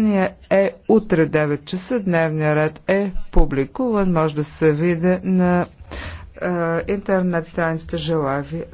Гласувания е утре 9 часа. Дневният ред е публикуван. Може да се види на е, интернет страницата Желави